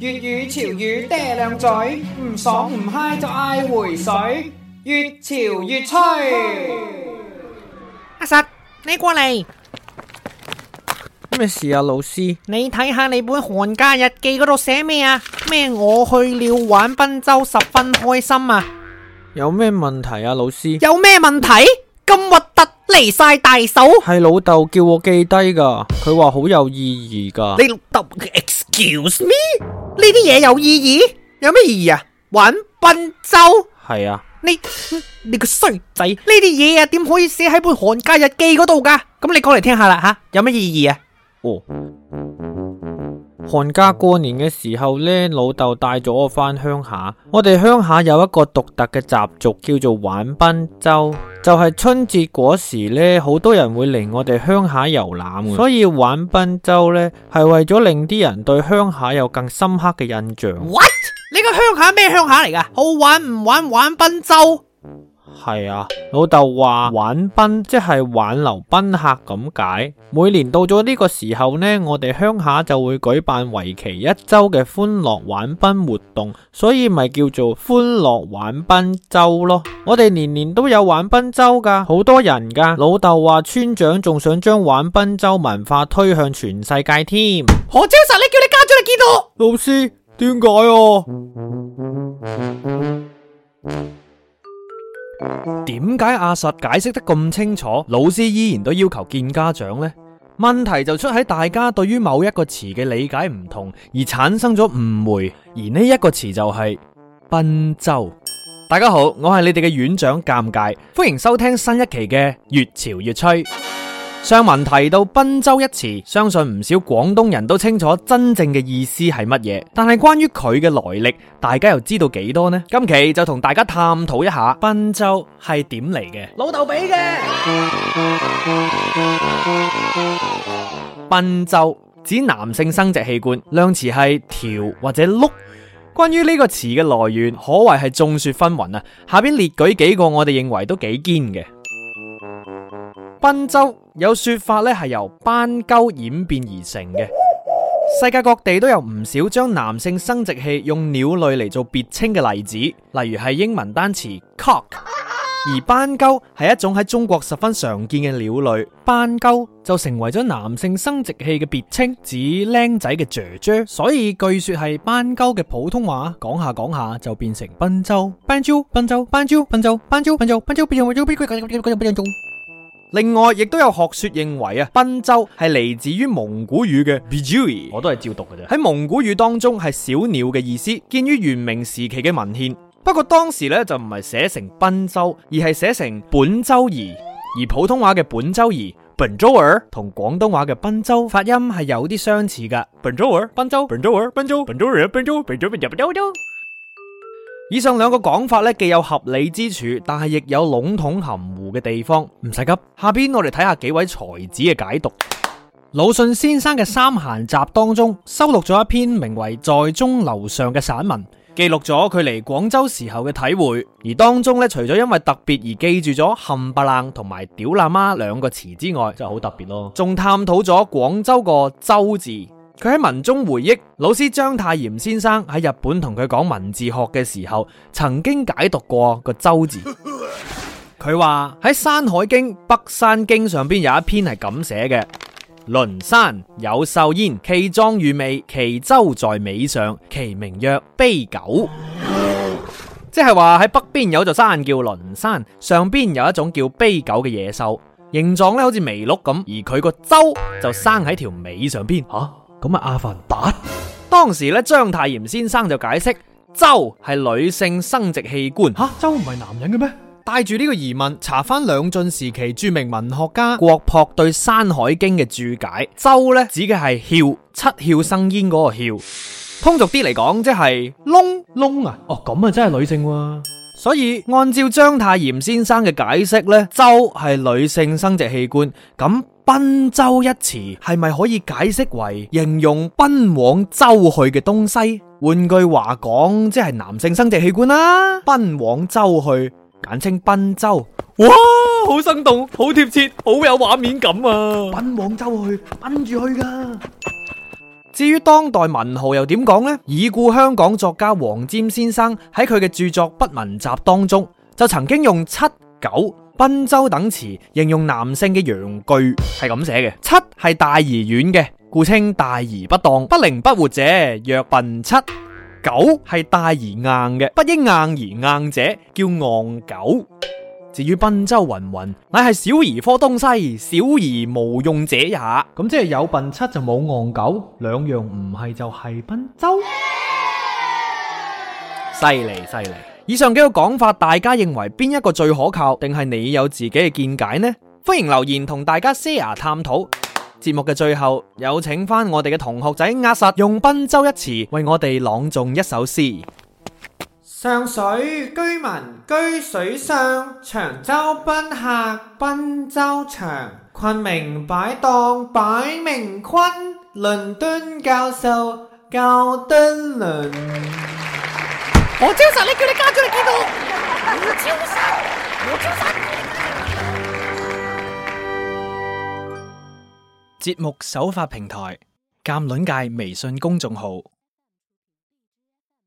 粵語潮語爹靚嘴唔爽唔嗨，就嗌，回水越潮越吹。阿實，你過嚟咩事啊？老師，你睇下你本寒假日記嗰度寫咩啊？咩我去了玩濱州，十分開心啊！有咩問題啊？老師，有咩問題咁核突？未晒大手，係老豆叫我記低噶，佢話好有意義噶。你 W excuse me？呢啲嘢有意義？有咩意義啊？玩笨咒？係啊。你你個衰仔，呢啲嘢啊，點可以寫喺本寒假日記嗰度噶？咁你講嚟聽下啦吓，有咩意義啊？哦。寒假過年嘅時候呢，老豆帶咗我返鄉下。我哋鄉下有一個獨特嘅習俗，叫做玩賓州，就係、是、春節嗰時呢，好多人會嚟我哋鄉下遊覽。所以玩賓州呢，係為咗令啲人對鄉下有更深刻嘅印象。What？你個鄉下咩鄉下嚟㗎？好玩唔玩玩賓州？係啊，老豆話玩賓即係挽留賓客咁解。每年到咗呢個時候呢，我哋鄉下就會舉辦為期一周嘅歡樂玩賓活動，所以咪叫做歡樂玩賓周咯。我哋年年都有玩賓周噶，好多人噶。老豆話村長仲想將玩賓周文化推向全世界添。何朝實，你叫你家長嚟見到我。老師，點解啊？點解阿實解釋得咁清楚，老師依然都要求見家長呢？問題就出喺大家對於某一個詞嘅理解唔同，而產生咗誤會。而呢一個詞就係賓州。大家好，我係你哋嘅院長，尷尬，歡迎收聽新一期嘅越潮越吹。上文提到“賓州”一詞，相信唔少廣東人都清楚真正嘅意思係乜嘢，但係關於佢嘅來歷，大家又知道幾多呢？今期就同大家探討一下“賓州”係點嚟嘅。老豆俾嘅。賓州指男性生殖器官，量詞係條或者碌。關於呢個詞嘅來源，可謂係眾說紛紜啊。下邊列舉幾個我哋認為都幾堅嘅。濱州有說法咧，係由斑鳩演變而成嘅。世界各地都有唔少將男性生殖器用鳥類嚟做別稱嘅例子，例如係英文單詞 cock。而斑鳩係一種喺中國十分常見嘅鳥類，斑鳩就成為咗男性生殖器嘅別稱，指靚仔嘅雀雀。所以據說係斑鳩嘅普通話講下講下就變成濱州斑鳩，濱州斑鳩，濱州斑鳩，濱州濱州變咗另外，亦都有學説認為啊，賓州係嚟自於蒙古語嘅 bijou 我都係照讀嘅啫。喺蒙古語當中係小鳥嘅意思，見於元明時期嘅文獻。不過當時咧就唔係寫成賓州，而係寫成本州兒。而普通話嘅本州兒 benzouer 同廣東話嘅賓州發音係有啲相似㗎。benzouer 賓州 benzouer 賓州 benzouer 賓州 benzou 以上兩個講法咧，既有合理之處，但係亦有籠統含糊嘅地方。唔使急，下邊我哋睇下幾位才子嘅解讀。魯 迅先生嘅《三閑集》當中收錄咗一篇名為《在鐘樓上》嘅散文，記錄咗佢嚟廣州時候嘅體會。而當中咧，除咗因為特別而記住咗“冚巴冷”同埋“屌喇媽”兩個詞之外，真係好特別咯。仲探討咗廣州個“州”字。佢喺文中回憶，老師章太炎先生喺日本同佢講文字學嘅時候，曾經解讀過個州字。佢話喺《山海經》北山經上邊有一篇係咁寫嘅：倫山有獸焉，其狀如麋，其州在尾上，其名曰悲狗。即係話喺北邊有座山叫倫山，上邊有一種叫悲狗嘅野獸，形狀咧好似麋鹿咁，而佢個州就生喺條尾上邊。吓、啊！咁啊，阿凡達。當時咧，章太炎先生就解釋，周係女性生殖器官。吓，周唔係男人嘅咩？帶住呢個疑問，查翻兩晉時期著名文學家郭璞對《山海經》嘅注解，周咧指嘅係竅，七竅生煙嗰個竅。通俗啲嚟講，即係窿窿啊。哦，咁啊，真係女性。所以按照章太炎先生嘅解釋呢，周係女性生殖器官，咁奔周一詞係咪可以解釋為形容奔往周去嘅東西？換句話講，即係男性生殖器官啦，奔往周去，簡稱奔周。哇，好生動，好貼切，好有畫面感啊！奔往周去，奔住去噶。至於當代文豪又點講呢？已故香港作家黃霑先生喺佢嘅著作《不文集》當中，就曾經用七九賓周等詞形容男性嘅陽具，係咁寫嘅。七係大而軟嘅，故稱大而不當，不靈不活者，曰笨七；九係大而硬嘅，不應硬而硬者，叫戇九。至於濱州云云，乃係小兒科東西，小兒無用者也。咁即係有笨七就冇戇九，兩樣唔係就係濱州。犀利犀利！以上幾個講法，大家認為邊一個最可靠？定係你有自己嘅見解呢？歡迎留言同大家 share 探討。 節目嘅最後，有請返我哋嘅同學仔阿實用濱州一詞為我哋朗誦一首詩。上水居民居水上，長洲賓客賓洲長，昆明擺檔擺明昆，倫敦教授教敦倫。我超神，你叫你家長你見到我。我超神，我超神。節目首發平台：鑒論界微信公眾號。